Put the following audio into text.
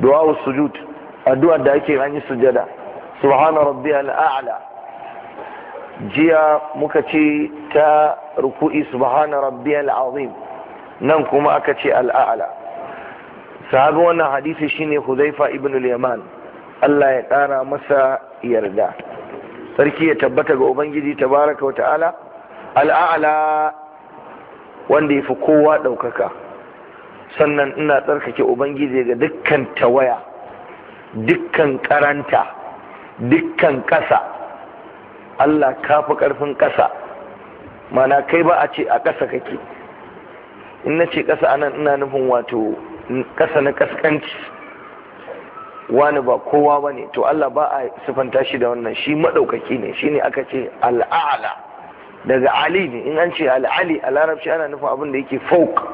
du'a sujud addu'a da ake an yi sujada subhana rabbi a'la jiya muka ce ta ruku'i subhana rabbi azim nan kuma aka ce al'a'la sahabi wannan hadisi shine huzaifa ibn al-yaman Allah ya ƙara masa yarda sarki ya tabbata ga ubangiji tabaraka wa ta'ala al'a'la wanda ya fi kowa ɗaukaka sannan ina tsarkake ubangiji ga dukkan tawaya dukkan karanta dukkan ƙasa Allah ka fi ƙarfin ƙasa mana kai ba a ce a ƙasa kake Ina ce ƙasa anan ina nufin wato ƙasa na ƙasƙanci wani ba kowa ba ne to Allah ba a sifanta shi da wannan shi maɗaukaki ne shi ne aka ce al'ala daga ali ne in an ce al'ali a larabci ana nufin abin da yake fauk